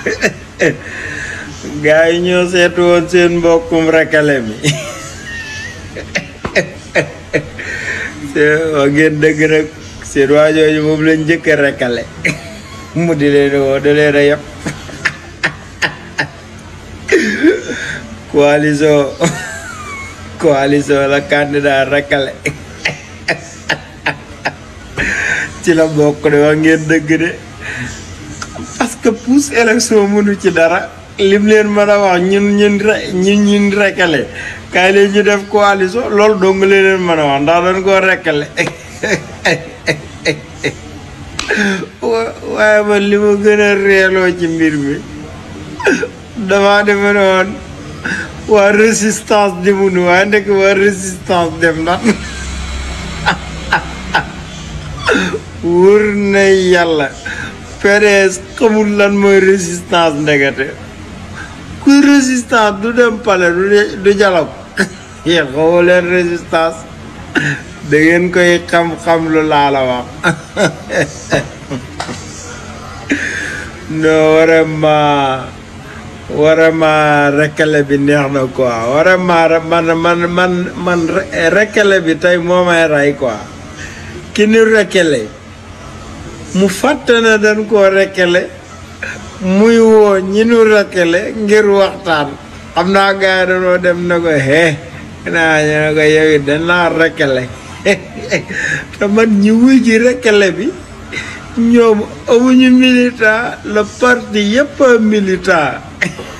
gaa yi ñoo seetu woon seen mbokkum rakale mi waa ngeen dëgg nag seen waajooju moom lañ njëkk a rakale mu di leen woo da leen a yëpp coalition coalition la candidat ci la bokk de waa ngeen dëgg de parce que pousse élection ci dara lim leen mën a wax ñun ñun ñun ñun rekalé kay lay ñu def coalition lool do nga leen mëna wax ndax doon ko rekalé waay man li ma gën ci mbir mi damaa defe ne woon waa résistance demunu waaye nek wa résistance dem na wurna yalla PDS xamul lan mooy résistance ndegete kuy résistance du dem pale du dialogue yéen xamoo leen résistance da koy xam-xam lu laa la wax non vraiment vraiment rekale bi neex na quoi vraiment man man man man bi tey moo may rey quoi ki ni rekale mu fàtte na dañ koo rekkale muy woo ñi nu rekkale ngir waxtaan xam naa gars yi dañoo dem na ko hee naa ñu ne ko yow it dañ te man ñi wuy ji rekkale bi ñoom amuñu militant le parti yëpp a